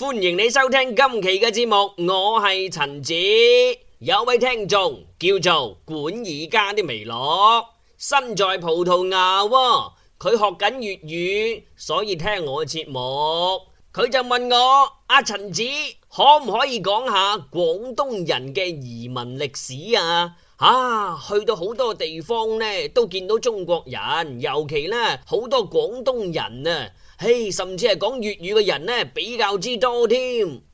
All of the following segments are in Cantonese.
歡迎你收聽今期嘅節目，我係陳子，有位聽眾叫做莞爾家的薇落，身在葡萄牙，佢學緊粵語，所以聽我嘅節目，佢就問我阿、啊、陳子可唔可以講下廣東人嘅移民歷史啊？啊，去到好多地方呢，都見到中國人，尤其呢，好多廣東人啊。嘿，hey, 甚至係講粵語嘅人呢，比較之多添，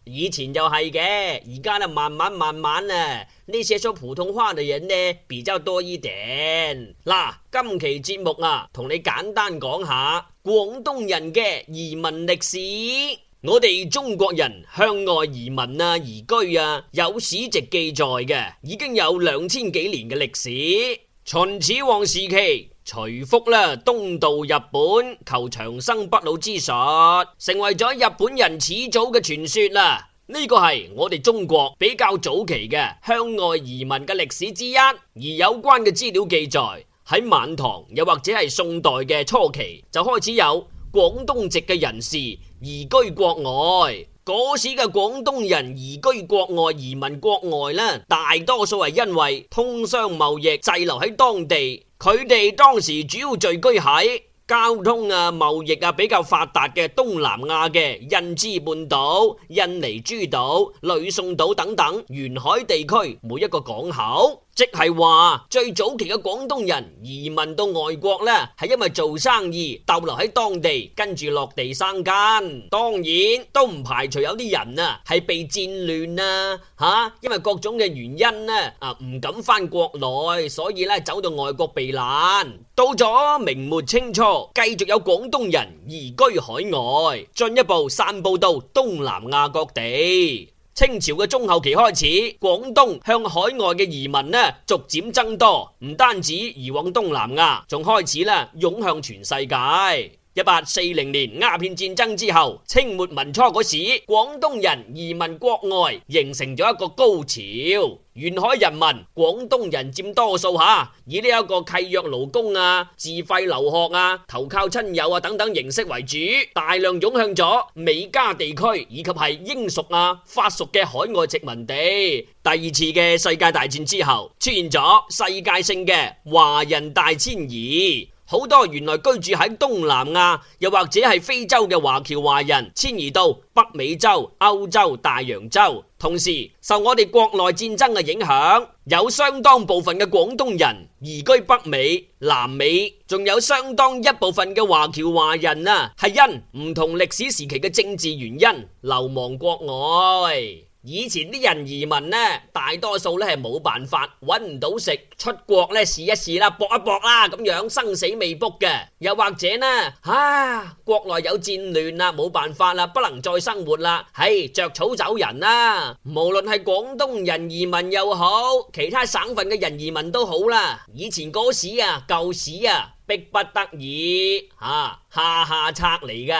以前就係嘅，而家呢，慢慢慢慢啊，呢寫咗普通話嘅人呢，比較多一點。嗱，今期節目啊，同你簡單講下廣東人嘅移民歷史。我哋中國人向外移民啊、移居啊，有史籍記載嘅，已經有兩千幾年嘅歷史。秦始皇時期。徐福啦，東渡日本求長生不老之術，成為咗日本人始祖嘅傳說啦。呢個係我哋中國比較早期嘅向外移民嘅歷史之一。而有關嘅資料記載，喺晚唐又或者係宋代嘅初期，就開始有廣東籍嘅人士移居國外。嗰時嘅廣東人移居國外，移民國外呢，大多數係因為通商貿易，滯留喺當地。佢哋當時主要聚居喺交通啊、貿易啊比較發達嘅東南亞嘅印支半島、印尼諸島、呂宋島等等沿海地區每一個港口。即係話，最早期嘅廣東人移民到外國呢，係因為做生意逗留喺當地，跟住落地生根。當然都唔排除有啲人啊，係被戰亂啊，吓、啊，因為各種嘅原因咧、啊，啊，唔敢返國內，所以呢走到外國避難。到咗明末清初，繼續有廣東人移居海外，進一步散布到東南亞各地。清朝嘅中後期開始，廣東向海外嘅移民呢，逐漸增多，唔單止移往東南亞，仲開始呢，湧向全世界。一八四零年鴉片戰爭之後，清末民初嗰時，廣東人移民國外形成咗一個高潮。沿海人民廣東人佔多數吓，以呢一個契約勞工啊、自費留學啊、投靠親友啊等等形式為主，大量湧向咗美加地區以及係英屬啊、法屬嘅海外殖民地。第二次嘅世界大戰之後，出現咗世界性嘅華人大遷移。好多原來居住喺東南亞又或者係非洲嘅華僑華人遷移到北美洲、歐洲、大洋洲，同時受我哋國內戰爭嘅影響，有相當部分嘅廣東人移居北美、南美，仲有相當一部分嘅華僑華人啊，係因唔同歷史時期嘅政治原因流亡國外。以前啲人移民呢，大多數呢係冇辦法揾唔到食，出國呢試一試啦，搏一搏啦，咁樣生死未卜嘅。又或者呢，啊，國內有戰亂啦，冇辦法啦，不能再生活啦，係着草走人啦。無論係廣東人移民又好，其他省份嘅人移民都好啦。以前嗰時啊，舊時啊，逼不得已嚇下下策嚟㗎，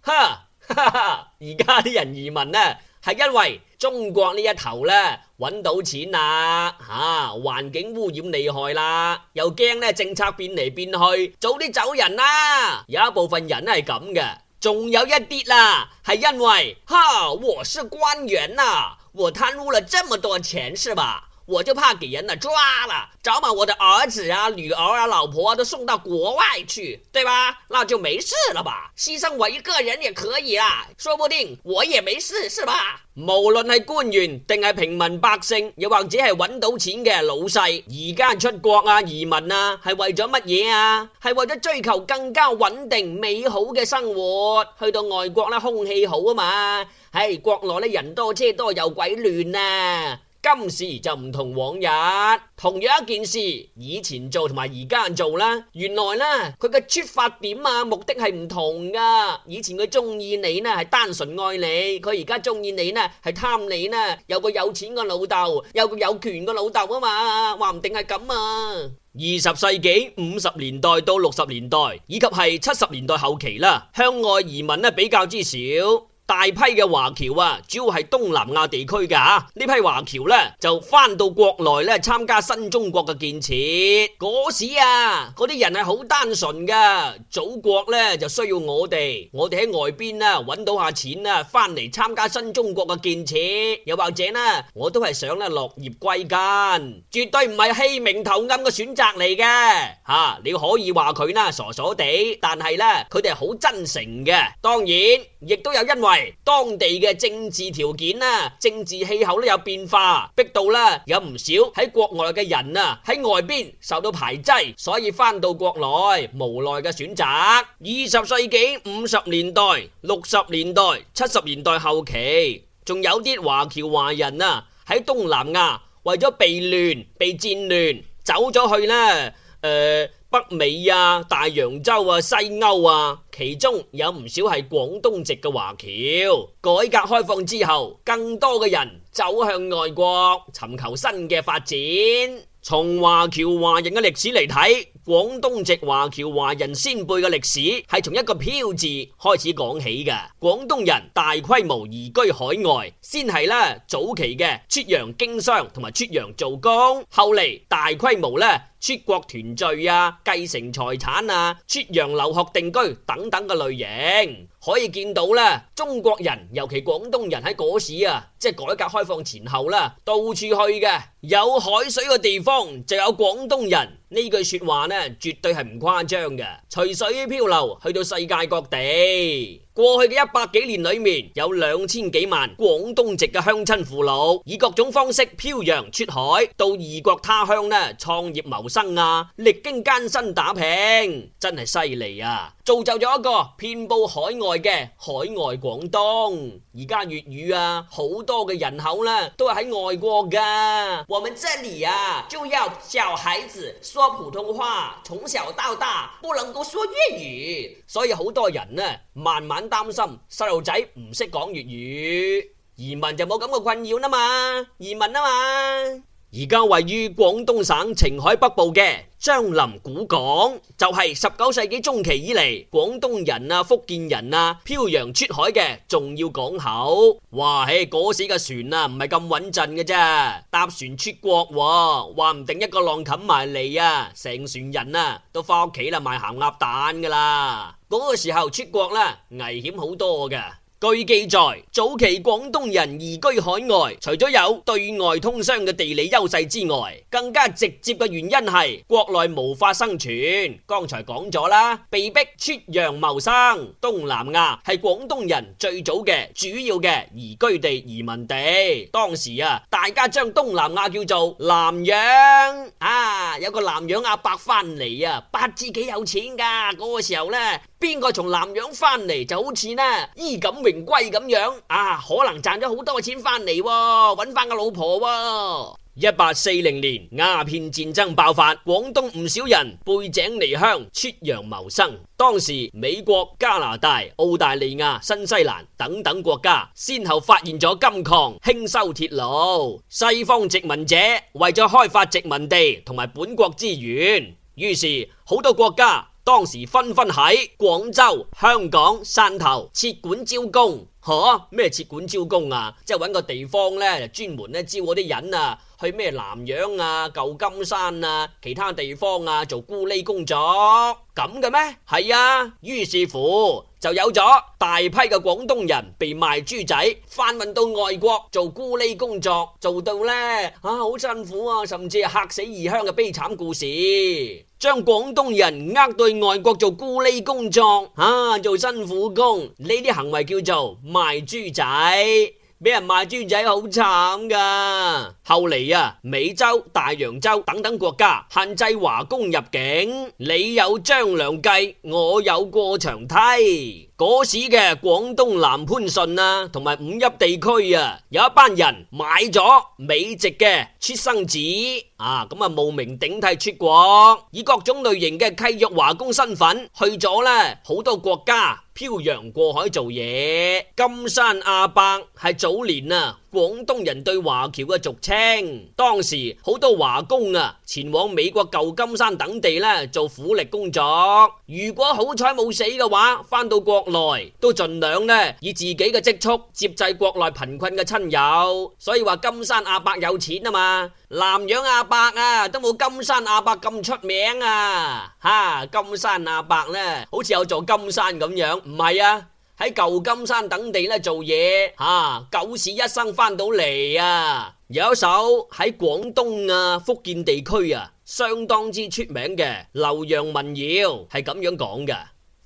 哈，哈，而家啲人移民呢，係因為，中國呢一頭呢，揾到錢啦，吓、啊、環境污染厲害啦，又驚呢政策變嚟變去，早啲走人啦。有一部分人係咁嘅，仲有一啲啦、啊，係因為哈，我是官員啊，我貪污了這麼多錢，是吧？我就怕給人家抓了，早把我的兒子啊、女兒啊、老婆啊、都送到國外去，對吧？那就沒事了吧？犧牲我一個人也可以啦，說不定我也沒事，是吧？無論係官員定係平民百姓，又或者係揾到錢嘅老細，而家出國啊、移民啊，係為咗乜嘢啊？係為咗追求更加穩定美好嘅生活，去到外國呢，空氣好啊嘛，喺國內呢，人多車多又鬼亂啊！今時就唔同往日，同樣一件事，以前做同埋而家做啦，原來呢佢嘅出發點啊，目的係唔同噶。以前佢中意你呢，係單純愛你；佢而家中意你呢，係貪你呢，有個有錢個老豆，有個有權個老豆啊嘛，話唔定係咁啊。二十世紀五十年代到六十年代，以及係七十年代後期啦，向外移民呢比較之少。大批嘅華僑啊，主要係東南亞地區噶吓，呢批華僑呢，就翻到國內呢，參加新中國嘅建設。嗰時啊，嗰啲人係好單純噶，祖國呢，就需要我哋，我哋喺外邊啦揾到下錢啊，翻嚟參加新中國嘅建設。又或者呢，我都係想咧落葉歸根，絕對唔係棄明投暗嘅選擇嚟嘅。吓、啊，你可以話佢呢傻傻地，但係呢，佢哋係好真誠嘅。當然，亦都有因為。當地嘅政治條件啦，政治氣候都有變化，逼到啦有唔少喺國外嘅人啊，喺外邊受到排擠，所以翻到國內無奈嘅選擇。二十世紀五十年代、六十年代、七十年代後期，仲有啲華僑華人啊，喺東南亞為咗避亂、被戰亂走咗去呢。誒、呃。北美啊、大洋洲啊、西歐啊，其中有唔少係廣東籍嘅華僑。改革開放之後，更多嘅人走向外國，尋求新嘅發展。從華僑華人嘅歷史嚟睇，廣東籍華僑華人先輩嘅歷史係從一個飄字開始講起嘅。廣東人大規模移居海外，先係咧早期嘅出洋經商同埋出洋做工，後嚟大規模咧。出國團聚啊，繼承財產啊，出洋留學定居等等嘅類型，可以見到咧，中國人，尤其廣東人喺嗰時啊，即係改革開放前後啦，到處去嘅，有海水嘅地方就有廣東人。呢句說話呢，絕對係唔誇張嘅。隨水漂流去到世界各地，過去嘅一百幾年裏面，有兩千幾萬廣東籍嘅鄉親父老，以各種方式漂洋出海到異國他鄉呢，創業謀生啊，歷經艱辛打拼，真係犀利啊！造就咗一個遍布海外嘅海外廣東，而家粵語啊，好多嘅人口呢都係喺外國㗎。我們這裏啊，就要小孩子說普通話，從小到大不能夠說粵語，所以好多人呢，慢慢擔心細路仔唔識講粵語，移民就冇咁嘅困擾啦嘛，移民啊嘛。而家位於廣東省澄海北部嘅樟林古港，就係十九世紀中期以嚟，廣東人啊、福建人啊漂洋出海嘅重要港口。哇，嘿嗰時嘅船啊，唔係咁穩陣嘅啫，搭船出國，話唔定一個浪冚埋嚟啊，成船人啊都翻屋企啦，賣鹹鴨蛋噶啦。嗰個時候出國啦，危險好多噶。據記載，早期廣東人移居海外，除咗有對外通商嘅地理優勢之外，更加直接嘅原因係國內無法生存。剛才講咗啦，被逼出洋謀生。東南亞係廣東人最早嘅主要嘅移居地、移民地。當時啊，大家將東南亞叫做南洋。啊，有個南洋阿伯翻嚟啊，不知幾有錢噶。嗰、那個時候呢。邊個從南洋翻嚟就好似呢衣錦榮歸咁樣啊？可能賺咗好多錢翻嚟，揾翻個老婆啊。一八四零年鴉片戰爭爆發，廣東唔少人背井離鄉出洋謀生。當時美國、加拿大、澳大利亞、新西蘭等等國家先後發現咗金礦、興修鐵路，西方殖民者為咗開發殖民地同埋本國資源，於是好多國家。當時紛紛喺廣州、香港、汕頭設館招工。嗬、啊？咩設館招工啊？即係揾個地方呢，專門咧招嗰啲人啊，去咩南洋啊、舊金山啊、其他地方啊做咕喱工作，咁嘅咩？係啊，於是乎。就有咗大批嘅廣東人被賣豬仔，販運到外國做咕哩工作，做到呢，啊好辛苦啊，甚至吓死異鄉嘅悲慘故事，將廣東人呃對外國做咕哩工作，啊做辛苦工呢啲行為叫做賣豬仔。俾人賣豬仔好慘㗎，後嚟啊，美洲、大洋洲等等國家限制華工入境。你有張良計，我有過牆梯。嗰時嘅廣東南番順啊，同埋五邑地區啊，有一班人買咗美籍嘅出生紙啊，咁啊冒名頂替出國，以各種類型嘅契約華工身份去咗咧好多國家漂洋過海做嘢。金山阿伯係早年啊。廣東人對華僑嘅俗稱，當時好多華工啊前往美國舊金山等地咧做苦力工作，如果好彩冇死嘅話，翻到國內都盡量咧以自己嘅積蓄接濟國內貧困嘅親友，所以話金山阿伯有錢啊嘛，南洋阿伯啊都冇金山阿伯咁出名啊，吓，金山阿伯咧好似有座金山咁樣，唔係啊？喺舊金山等地咧做嘢，吓、啊、九死一生翻到嚟啊！有一首喺廣東啊、福建地區啊，相當之出名嘅《留洋民謠》，係咁樣講嘅：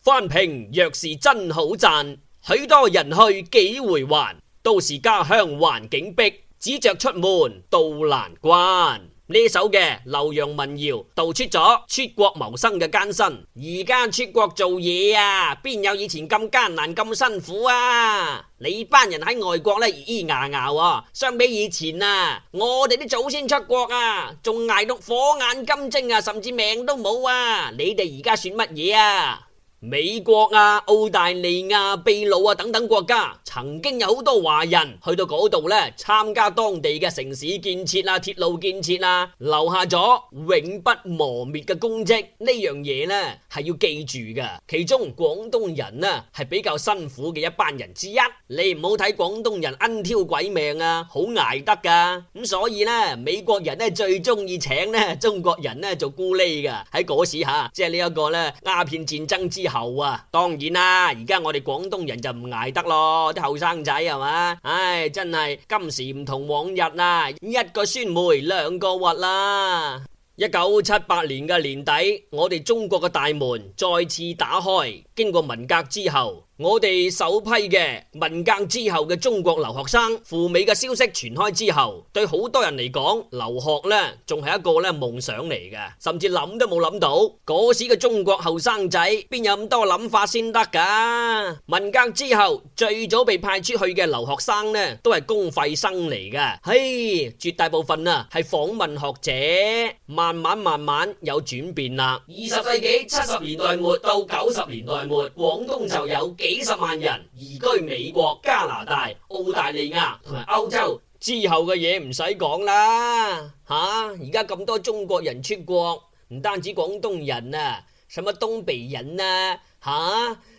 翻平若是真好賺，許多人去幾回還，到時家鄉環境迫，只着出門到難關。呢首嘅留洋民謠道出咗出國謀生嘅艱辛。而家出國做嘢啊，邊有以前咁艱難咁辛苦啊？你班人喺外國呢，咿咿呀呀。相比以前啊，我哋啲祖先出國啊，仲捱到火眼金睛啊，甚至命都冇啊。你哋而家算乜嘢啊？美國啊、澳大利亞、秘魯啊等等國家，曾經有好多華人去到嗰度咧，參加當地嘅城市建設啊、鐵路建設啊，留下咗永不磨滅嘅功績。呢樣嘢咧係要記住嘅。其中廣東人啊係比較辛苦嘅一班人之一。你唔好睇廣東人恩挑鬼命啊，好捱得噶。咁所以咧，美國人咧最中意請咧中國人咧做咕喱嘅。喺嗰時吓，即係呢一個咧鴉片戰爭之後頭啊，當然啦，而家我哋廣東人就唔捱得咯，啲後生仔係嘛，唉、哎，真係今時唔同往日啦，一個酸梅兩個核啦，一九七八年嘅年底，我哋中國嘅大門再次打開，經過文革之後。我哋首批嘅文革之後嘅中國留學生赴美嘅消息傳開之後，對好多人嚟講，留學呢仲係一個呢夢想嚟嘅，甚至諗都冇諗到。嗰時嘅中國後生仔邊有咁多諗法先得㗎？文革之後最早被派出去嘅留學生呢，都係公費生嚟嘅，嘿，絕大部分啊係訪問學者。慢慢慢慢有轉變啦。二十世紀七十年代末到九十年代末，廣東就有，幾十萬人移居美國、加拿大、澳大利亞同埋歐洲，之後嘅嘢唔使講啦，吓而家咁多中國人出國，唔單止廣東人啊，什麼東北人啊，吓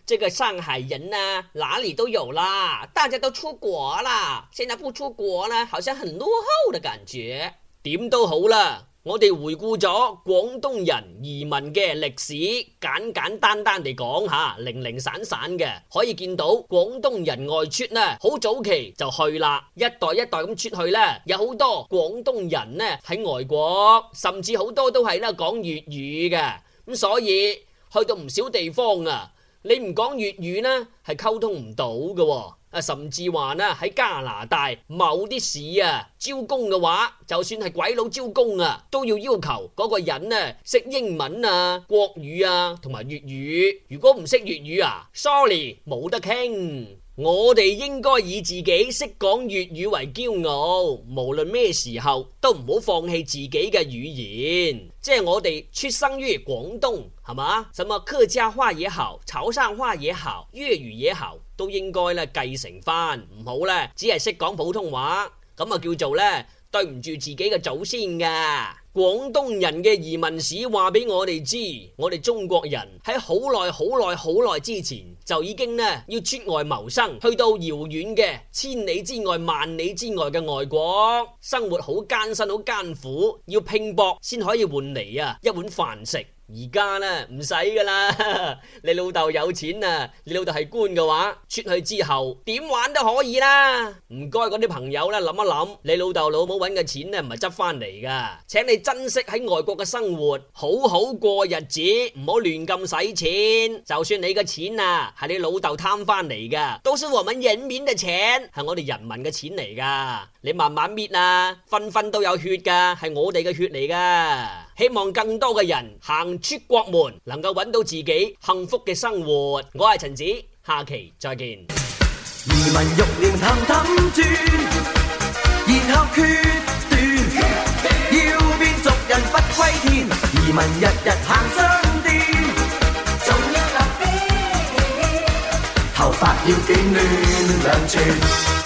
呢個上海人啊，哪裏都有啦，大家都出國啦，現在不出國咧，好像很落後的感覺，點都好啦。我哋回顧咗廣東人移民嘅歷史，簡簡單單地講下零零散散嘅，可以見到廣東人外出呢，好早期就去啦，一代一代咁出去呢。有好多廣東人呢喺外國，甚至好多都係呢講粵語嘅咁，所以去到唔少地方啊，你唔講粵語呢，係溝通唔到嘅。啊，甚至話呢喺加拿大某啲市啊，招工嘅話，就算係鬼佬招工啊，都要要求嗰個人呢、啊、識英文啊、國語啊同埋粵語。如果唔識粵語啊，sorry 冇得傾。我哋應該以自己識講粵語為驕傲，無論咩時候都唔好放棄自己嘅語言。即係我哋出生於廣東，係嘛？什麼客家話也好，潮汕話也好，粵語也好。都應該咧繼承翻，唔好咧只係識講普通話，咁啊叫做咧對唔住自己嘅祖先㗎。廣東人嘅移民史話俾我哋知，我哋中國人喺好耐好耐好耐之前就已經呢要出外謀生，去到遙遠嘅千里之外、萬里之外嘅外國，生活好艱辛、好艱苦，要拼搏先可以換嚟啊一碗飯食。而家啦，唔使噶啦！ 你老豆有錢啊，你老豆係官嘅話，出去之後點玩都可以啦。唔該，嗰啲朋友咧諗一諗，你老豆老母揾嘅錢咧唔係執翻嚟噶請你珍惜喺外國嘅生活，好好過日子，唔好亂咁使錢。就算你嘅錢啊係你老豆貪翻嚟噶，都我是我們人民嘅錢，係我哋人民嘅錢嚟噶。你慢慢搣啊，分分都有血噶，係我哋嘅血嚟噶。希望更多嘅人行出國門，能夠揾到自己幸福嘅生活。我係陳子，下期再見。